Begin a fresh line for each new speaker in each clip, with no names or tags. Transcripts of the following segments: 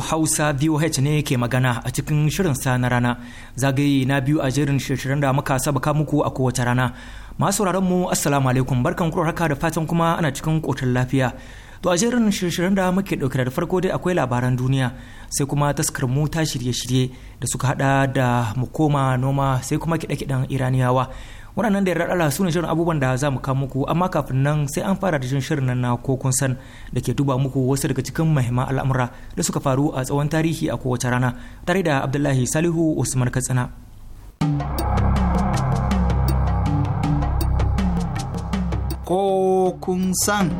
Hausa VOH ne ke magana a cikin shirin sa na rana zagaye na biyu a jerin shirin da muka saba ka muku a kowace rana. Masu mu Assalamu alaikum barkan kuro da fatan kuma ana cikin ƙoshin lafiya. To a jerin shirye da muke ɗauke da farko dai akwai labaran duniya sai kuma taskar mu ta shirye-shirye da suka hada da mukoma noma sai kuma kiɗe-kiɗen iraniyawa waɗannan da yarda su ne shirin abubuwan da za mu kawo muku amma kafin nan sai an fara da jin shirin nan na ko kun san da ke duba muku wasu daga cikin mahimman al'amura da suka faru a tsawon tarihi a kowace rana tare da abdullahi salihu usman katsina
ko kun san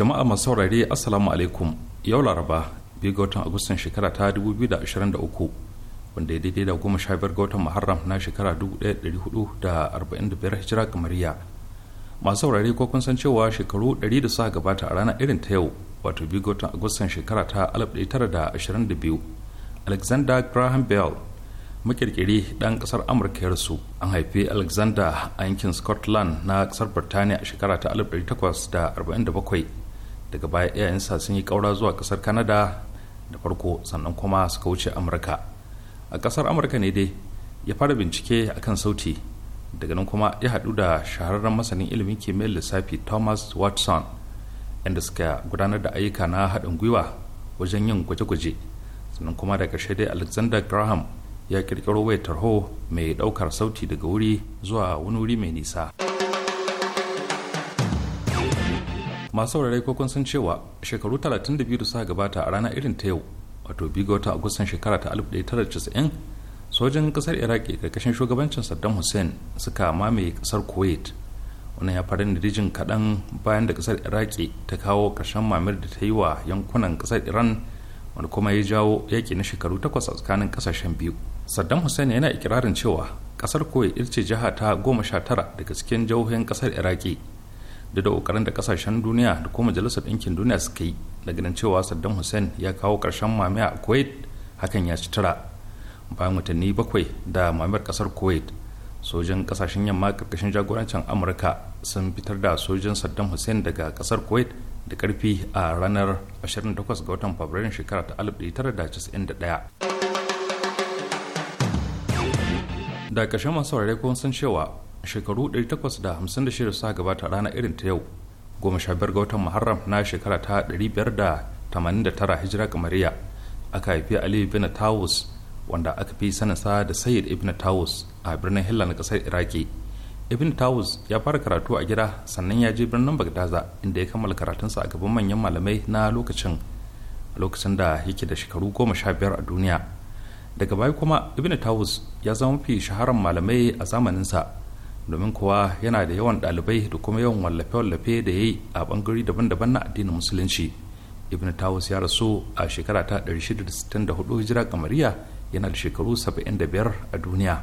jama'a masu saurare assalamu alaikum yau laraba biyu ga watan agustan shekara ta 2023 wanda ya daidai da goma sha biyar ga watan muharram na shekara 1445 hijira kamariya masu saurare ko kun san cewa shekaru 100 da sa gabata a ranar irin ta yau wato biyu ga watan agustan shekara ta 1922 alexander graham bell makirkiri ɗan kasar amurka ya rasu an haifi alexander a yankin scotland na kasar birtaniya a shekara ta 1847 daga baya iyayensa sun yi ƙaura zuwa ƙasar kanada da farko sannan kuma suka wuce amurka a ƙasar amurka ne dai ya fara bincike a kan sauti daga nan kuma ya haɗu da shahararren masanin ilimin kimiyyar lissafi thomas watson inda suka gudanar da ayyuka na haɗin gwiwa wajen yin gwaje-gwaje sannan kuma da karshe dai alexander graham ya ƙirƙiro wayar tarho mai ɗaukar sauti daga wuri zuwa wani wuri mai nisa. masu saurare ko kun cewa shekaru 32 da suka gabata a rana irin ta yau wato biyu ga agustan shekara ta 1990 sojin kasar iraki karkashin shugabancin saddam hussein suka mamaye kasar kuwait wannan ya faru da rijin kaɗan bayan da kasar iraki ta kawo ƙarshen mamir da ta yi wa yankunan kasar iran wanda kuma ya jawo yaƙi na shekaru takwas a tsakanin ƙasashen biyu saddam hussein yana ikirarin cewa kasar kuwait ita ce jiha ta goma sha tara daga cikin jihohin kasar iraki da da kokarin da kasashen duniya da kuma majalisar ɗinkin duniya suka yi da ganin cewa saddam hussein ya kawo ƙarshen mamaya a kuwait hakan ya ci tara bayan watanni bakwai da mamayar ƙasar kuwait sojin ƙasashen yamma ƙarƙashin jagorancin amurka sun fitar da sojin saddam hussein daga ƙasar kuwait da ƙarfi a ranar 28 ga watan fabrairun shekara ta 1991 da ƙarshen masu saurare sun sun cewa shekaru 856 sa gabata rana irin ta yau goma sha biyar ga watan muharram na shekara ta 589 hijira kamariya aka haifi ali bin tawus wanda aka fi sa da sayyid ibn tawus a birnin hilla na kasar iraki ibn tawus ya fara karatu a gida sannan ya je birnin bagdaza inda ya kammala karatunsa a gaban manyan malamai na lokacin lokacin da yake da shekaru goma sha biyar a duniya daga baya kuma ibn tawus ya zama fi shaharar malamai a zamaninsa domin kuwa yana da yawan dalibai da kuma yawan wallafe-wallafe da ya yi a bangare daban-daban na addinin musulunci ibn tawus ya rasu a shekara ta 664 hijira kamariya yana da shekaru 75 a duniya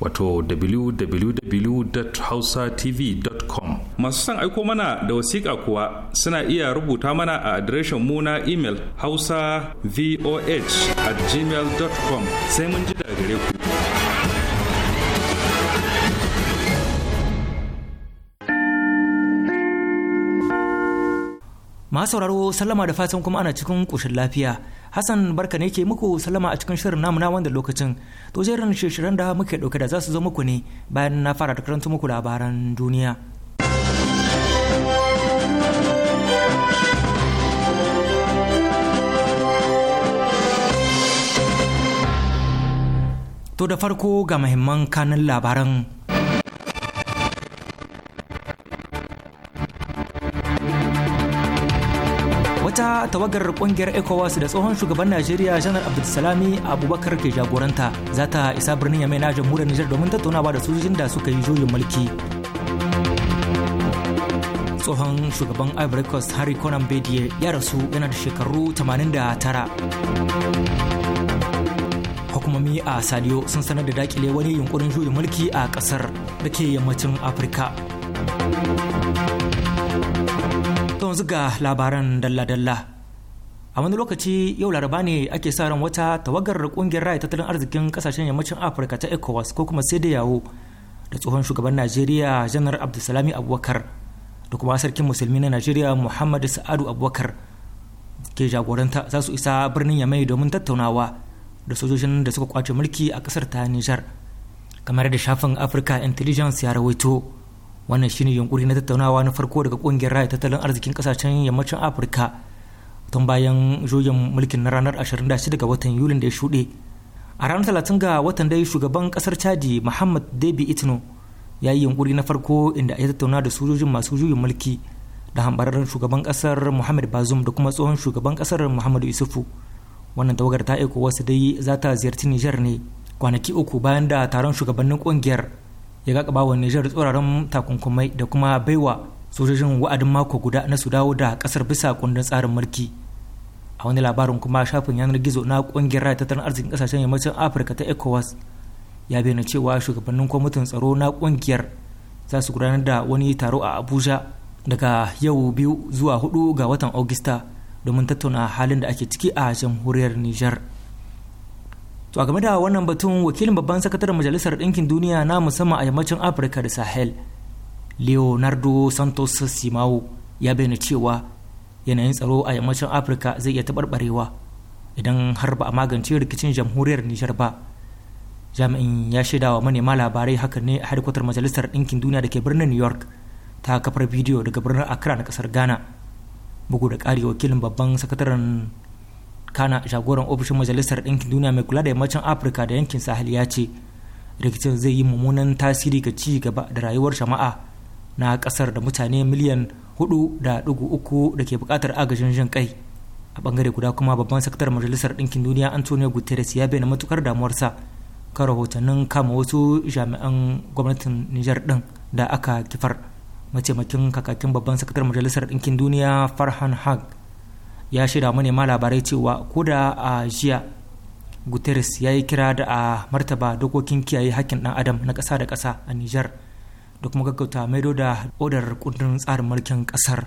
wato www.hausatv.com masu son aiko mana da wasiƙa kuwa suna iya rubuta mana a adireshin mu na imel hausa voh at gmail.com sai mun ji da gare ku
masu sauraro sallama da fatan kuma ana cikin ƙoshin lafiya Hassan barka ne ke muku salama a cikin shirin namu na wanda lokacin. To jerin shirin da muke dauke da za su zo muku ne bayan na fara da karanta muku labaran duniya. To da farko ga mahimman kanin labaran ita tawagar kungiyar ecowas da tsohon shugaban najeriya janar abdulsalami abubakar ke jagoranta za ta isa birnin yamai na jamhuriyar nijar domin tattaunawa da sojojin da suka yi juyin mulki tsohon shugaban ivory coast harry conan bedie ya rasu yana da shekaru 89 hukumomi a saliyo sun sanar da dakile wani yunkurin juyin mulki a kasar da ke yammacin afirka to yanzu ga labaran dalla-dalla a wani lokaci yau laraba ne ake sa ran wata tawagar kungiyar raya tattalin arzikin kasashen yammacin afirka ta ecowas ko kuma sai da yawo da tsohon shugaban najeriya janar abdulsalami abubakar da kuma sarkin musulmi na najeriya muhammad sa'adu abubakar ke jagoranta za su isa birnin yamai domin tattaunawa da sojojin da suka kwace mulki a kasar ta nijar kamar da shafin africa intelligence ya rawaito wannan shine yunkuri na tattaunawa na farko daga kungiyar raya tattalin arzikin kasashen yammacin afirka tun bayan juyin mulkin na ranar 26 ga watan yulin da ya shuɗe a ranar 30 ga watan da shugaban kasar chadi muhammad debi itno ya yi yunkuri na farko inda ya tattauna da sojojin masu juyin mulki da hambararren shugaban kasar muhammad bazum da kuma tsohon shugaban kasar muhammad isufu wannan tawagar ta aiko wasu dai za ta ziyarci nijar ne kwanaki uku bayan da taron shugabannin kungiyar ya gaba wa Nijar tsoraran takunkumai da kuma baiwa sojojin wa'adin mako guda na su dawo da kasar bisa kundin tsarin mulki a wani labarin kuma shafin yanar gizo na kungiyar raya tattalin arzikin kasashen yammacin afirka ta ecowas ya bayyana cewa shugabannin kwamitin tsaro na kungiyar za su gudanar da wani taro a abuja daga yau biyu zuwa hudu ga watan augusta domin tattauna halin da ake ciki a jamhuriyar nijar to a game da wannan batun wakilin babban sakataren majalisar ɗinkin duniya na musamman a yammacin afirka da sahel leonardo santos simao ya bayyana cewa yanayin tsaro a yammacin afirka zai iya taɓarɓarewa idan har ba a magance rikicin jamhuriyar nijar ba jami'in ya shaida wa manema labarai hakan ne a harkwatar majalisar ɗinkin duniya da ke birnin new york ta kafar bidiyo daga birnin accra na kasar ghana bugu da ƙari wakilin babban sakataren kana jagoran ofishin majalisar ɗinkin duniya mai kula da yammacin afirka da yankin sahel ya ce rikicin zai yi mummunan tasiri ga ci gaba da rayuwar jama'a na ƙasar da mutane miliyan hudu da uku da ke buƙatar agajin jin kai a bangare guda kuma babban sakatar majalisar ɗinkin duniya antonio guterres ya bayyana matukar damuwarsa kan rahotannin kama wasu jami'an gwamnatin nijar ɗin da aka kifar mataimakin kakakin babban sakatar majalisar ɗinkin duniya farhan haq ya shaida shirya manema labarai cewa ko da a jiya guterres ya yi kira da a martaba dokokin kiyaye hakkin dan adam na ƙasa da ƙasa a niger da kuma gaggauta maido da odar kundin tsarin mulkin ƙasar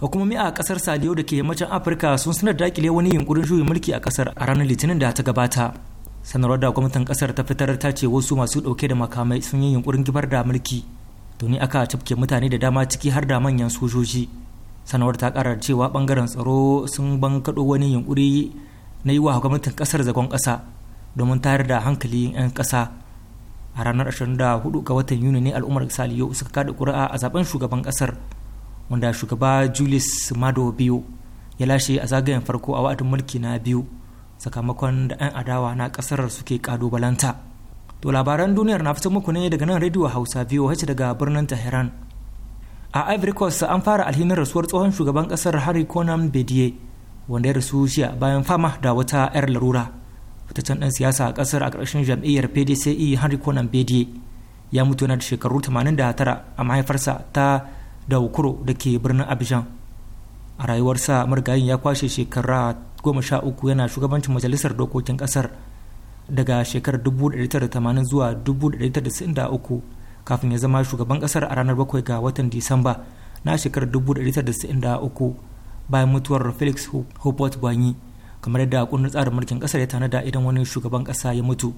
hukumomi a ƙasar saliyo da ke yammacin afirka sun sanar da wani yunkurin juyin mulki a ƙasar a ranar litinin da ta gabata sanarwar da gwamnatin ƙasar ta fitar ta ce wasu masu ɗauke da makamai sun yi yunkurin gibar da mulki to aka cafke mutane da dama ciki har da manyan sojoji sanawar ta karar cewa bangaren tsaro sun bankaɗo wani yunkuri na yi wa gwamnatin kasar zagon ƙasa domin tayar da hankali 'yan kasa a ranar 24 ga watan yuni ne al'ummar saliyo suka kada ƙuri'a a zaben shugaban ƙasar wanda shugaba julius mado biyu ya lashe a zagayen farko a wa'adin mulki na biyu sakamakon da 'yan adawa na ƙasar suke balanta. to labaran duniyar na fito muku ne daga nan rediyo hausa biyu daga birnin tehran a ivory coast an fara alhinin rasuwar tsohon shugaban kasar harry conan bediye wanda ya rasu jiya bayan fama da wata 'yar larura fitaccen dan siyasa a kasar a ƙarshen jam'iyyar pdce harry conan bediye ya mutu yana da shekaru 89 a mahaifarsa ta daukuro da ke birnin abidjan a rayuwarsa marigayin ya kwashe shekara 13 yana shugabancin majalisar dokokin kasar daga shekarar 1980 zuwa 1993 kafin ya zama shugaban kasar a ranar 7 ga watan disamba na shekarar 1993 bayan mutuwar felix hubert gwanyi kamar yadda kundin tsarin mulkin kasar ya tanada idan wani shugaban kasa ya mutu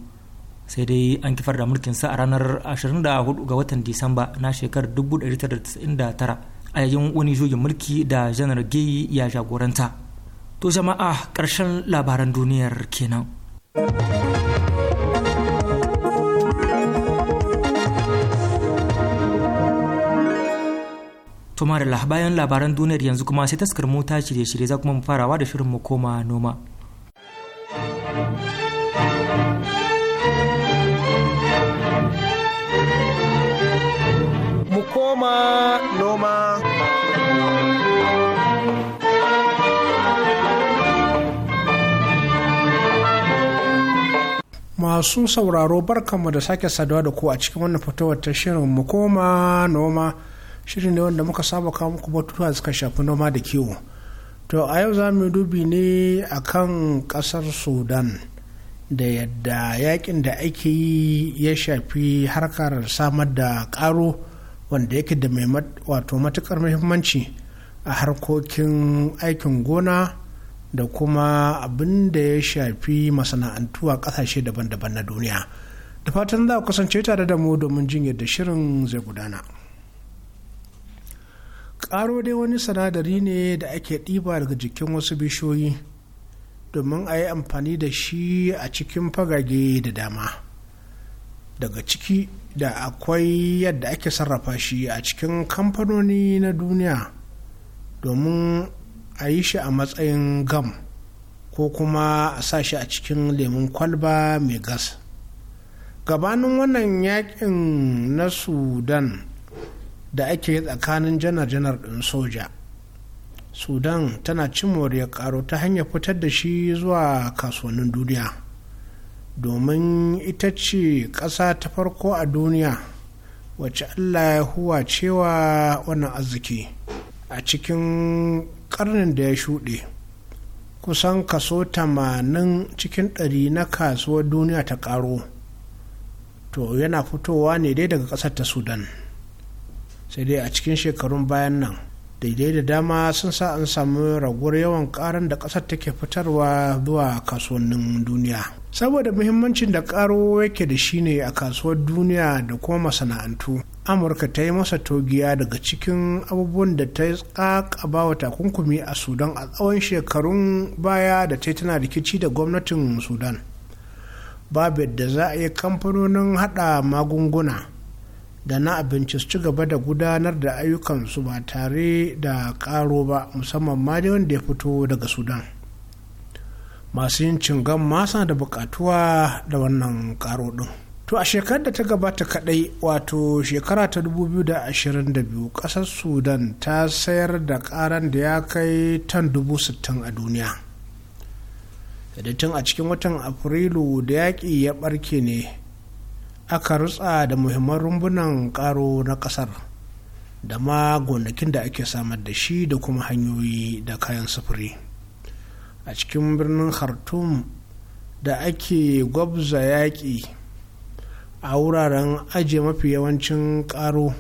sai dai an kifar da mulkinsa a ranar 24 ga watan disamba na shekarar 1999 a yayin wani jogin mulki da janar gayi ya jagoranta to jama'a ƙarshen labaran duniyar kenan. Tuma da bayan labaran duniyar yanzu kuma sai taskar mota shirye-shirye za kuma mu farawa da shirin mu koma noma.
Mu koma noma. Masu sauraro barkanmu da sake saduwa da ku a cikin wannan fitowar ta shirin mu koma noma. shirin ne wanda muka saba kawo muku batutuwa suka shafi noma da kiwo to a yau za mu dubi ne a kan kasar sudan da yadda yakin da ake yi ya shafi harkar samar da karo wanda yake da mai wato matuƙar muhimmanci a harkokin aikin gona da kuma abin da ya shafi masana'antu a kasashe daban-daban na duniya da fatan za ku kasance tare da mu domin jin yadda shirin zai gudana. ƙaro dai wani sinadari ne da ake ɗiba daga jikin wasu bishiyoyi domin a yi amfani da shi a cikin fagage da dama daga ciki da akwai yadda ake sarrafa shi a cikin kamfanoni na duniya domin a yi shi a matsayin gam ko kuma a sa shi a cikin lemun kwalba mai gas gabanin wannan yakin na sudan da ake tsakanin janar-janar ɗin soja sudan tana cin ya karo ta hanyar fitar da shi zuwa kasuwannin duniya domin ita ce ƙasa ta farko a duniya wacce allah ya huwa cewa wannan arziki a cikin ƙarnin da ya shuɗe kusan kaso 80 cikin ɗari na kasuwar duniya ta ƙaro to yana fitowa ne dai daga ƙasar ta sudan sai dai a cikin shekarun bayan nan daidai da dama sun sa an samu raguwar yawan karan da ƙasar take fitarwa zuwa kasuwannin duniya saboda muhimmancin da karo yake da shi ne a kasuwar duniya da kuma masana'antu amurka ta yi masa togiya daga cikin abubuwan da ta yi wa takunkumi a sudan a tsawon shekarun baya da ta tana rikici da gwamnatin sudan babu da za a yi kamfanonin haɗa magunguna da na abinci su ci gaba da gudanar da ayyukansu ba tare da karo ba musamman ma dai wanda ya fito daga sudan masu yin cingan masa da bukatuwa da wannan karo din to a shekarar da ta gabata kadai wato shekara ta 2022 kasar sudan ta sayar da karan da ya kai tan sittin a duniya da tun a cikin watan afrilu da yaƙi ya ɓarke ne aka rutsa da muhimman rumbunan karo na kasar da ma gonakin da ake samar da shi da kuma hanyoyi da kayan sufuri a cikin birnin khartoum da ake gwabza yaƙi a wuraren ajiye mafi yawancin karo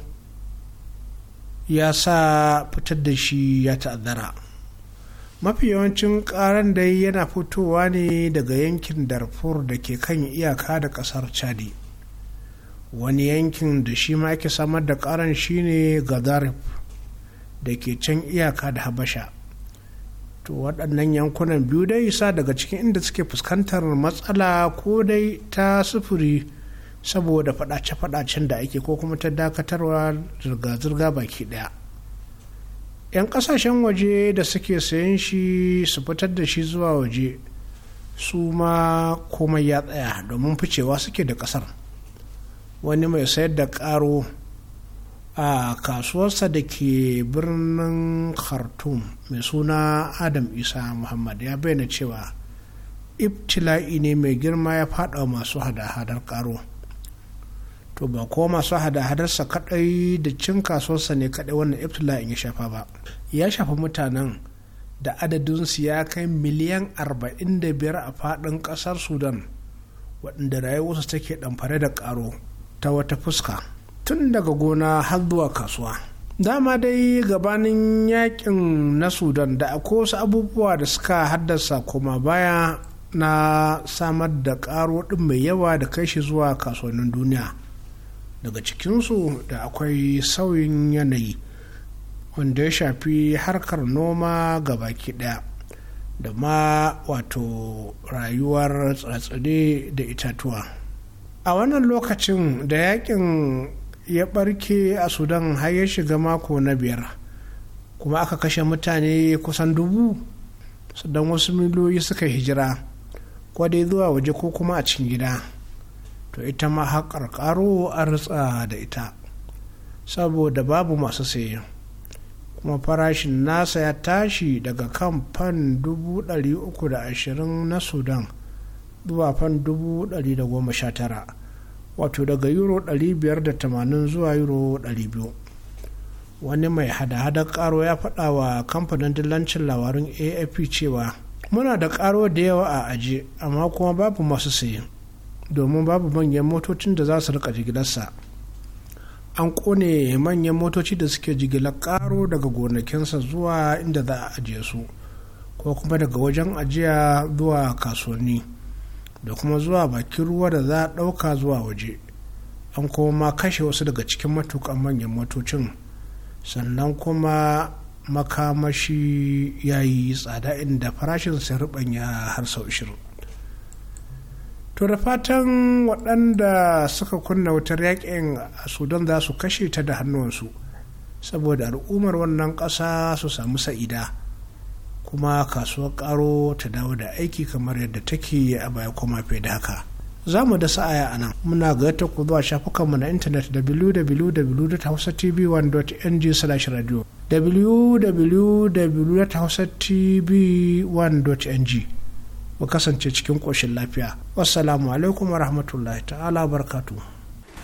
ya sa fitar da shi ya ta'azzara mafi yawancin karan dai yana fitowa ne daga yankin darfur da ke kan iyaka da ƙasar chadi wani yankin da shi ma yake samar da karan shine gadarif da ke can iyaka da habasha to waɗannan yankunan biyu dai sa daga cikin inda suke fuskantar matsala ko dai ta sufuri saboda faɗace-faɗacen da ake ko kuma ta dakatarwa zirga-zirga baki ɗaya 'yan ƙasashen waje da suke sayan shi su fitar da shi zuwa waje su ma komai ya tsaya domin ficewa suke da ƙasar. wani mai sayar da karo a kasuwarsa da ke birnin khartoum mai suna adam isa muhammad ya bayyana cewa ibtila'i ne mai girma ya fada masu hada-hadar karo to ba ko masu hada-hadarsa kadai da cin kasuwarsa ne kadai wannan iftila'i ya shafa ba ya shafa mutanen da adadin su ya kai miliyan 45 a fadin kasar sudan waɗanda rayuwarsu take ɗamfare da ƙaru. ta wata fuska tun daga gona har zuwa kasuwa dama dai gabanin yakin na sudan da akwai wasu abubuwa da suka haddasa koma baya na samar da karo din mai yawa da kai shi zuwa kasuwannin duniya daga cikinsu da akwai sauyin yanayi wanda ya shafi harkar noma ga baki ɗaya da ma wato rayuwar tsatsire da itatuwa a wannan lokacin da yakin ya barke a sudan har ya shiga mako na biyar kuma aka kashe mutane kusan dubu don wasu miliyoyi suka hijira kwadai zuwa waje ko kuma a cikin gida to ita ma haƙar ƙaro an ritsa da ita saboda babu masu saye kuma farashin nasa ya tashi daga kan fan 320 na sudan zuwa fan 119 wato daga euro 580 zuwa euro 200 wani mai hada-hadar karo ya faɗa wa kamfanin dillancin labarin afp cewa muna da karo da yawa a aje amma kuma babu masu saye domin babu manyan motocin da za su rika jigilarsa an kone manyan motoci da suke jigilar karo daga gonakinsa zuwa inda za a ajiye su ko kuma daga wajen ajiya zuwa kasuwanni da kuma zuwa bakin ruwa da za a ɗauka zuwa waje an kuma ma kashe wasu daga cikin matukan manyan motocin sannan kuma makamashi ya yi tsada inda farashin sai har sau shiru to da fatan waɗanda suka kunna wutar yaƙin a sudan za su kashe ta da hannuwansu saboda al'ummar wannan ƙasa su samu sa'ida kuma kasuwar karo ta dawo da aiki kamar yadda take a baya kuma fi da haka za mu da sa'aya a nan muna ga ta ku zuwa shafukanmu na intanet www.hausatv1.ng slash radio www.hausatv1.ng mu kasance cikin koshin lafiya wassalamu alaikum wa rahmatullahi ta'ala barkatu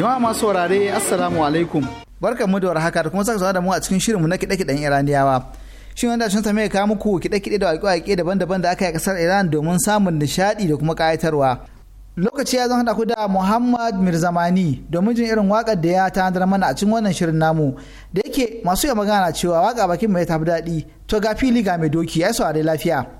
Jama'a masu saurare Assalamu alaikum. Barkan mu da war haka da kuma saka da mu a cikin shirinmu na kiɗe-kiɗen Iraniyawa. Shin wanda sun sami kawo muku kiɗe-kiɗe da waƙe-waƙe daban-daban da aka yi a ƙasar Iran domin samun nishaɗi da kuma ƙayatarwa. Lokaci ya zan haɗa ku da Muhammad Mirzamani domin jin irin waƙar da ya ta tanadar mana a cikin wannan shirin namu da yake masu yi magana cewa waƙa bakin mai tafi daɗi to ga fili ga mai doki ya yi saurari lafiya.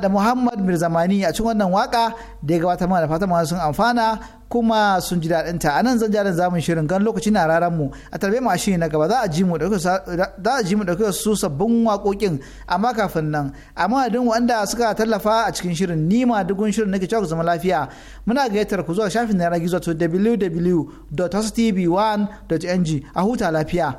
da Muhammad Mirzamani a cikin wannan waka da ya gabata mana da fatan sun amfana kuma sun ji daɗin ta anan zan jarin zamun shirin gan lokaci na raran mu a tarbe mu a na gaba za a ji mu dauke su sabbin waƙoƙin amma kafin nan amma duk wanda suka tallafa a cikin shirin ni ma dugun shirin nake cewa ku zama lafiya muna gayyatar ku zuwa shafin na gizo to www.hostv1.ng a huta lafiya.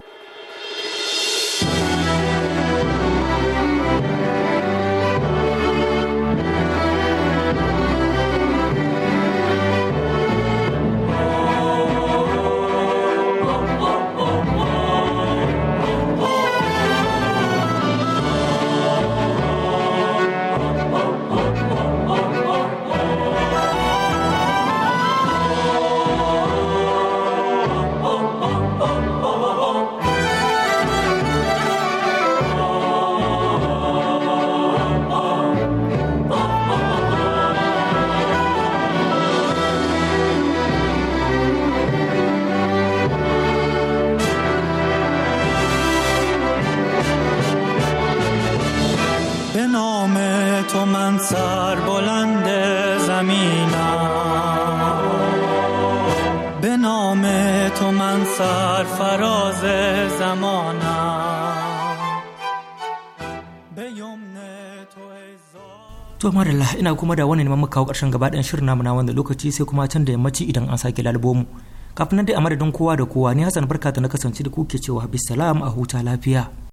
سرفراز زمانم
To Allah ina kuma da wani neman kawo ƙarshen gaba ɗayan shirin namu na wanda lokaci sai kuma can da yammaci idan an sake lalubo mu. Kafin nan dai a madadin kowa da kowa ni Hassan barka ta na kasance da kuke cewa bisalam a huta lafiya.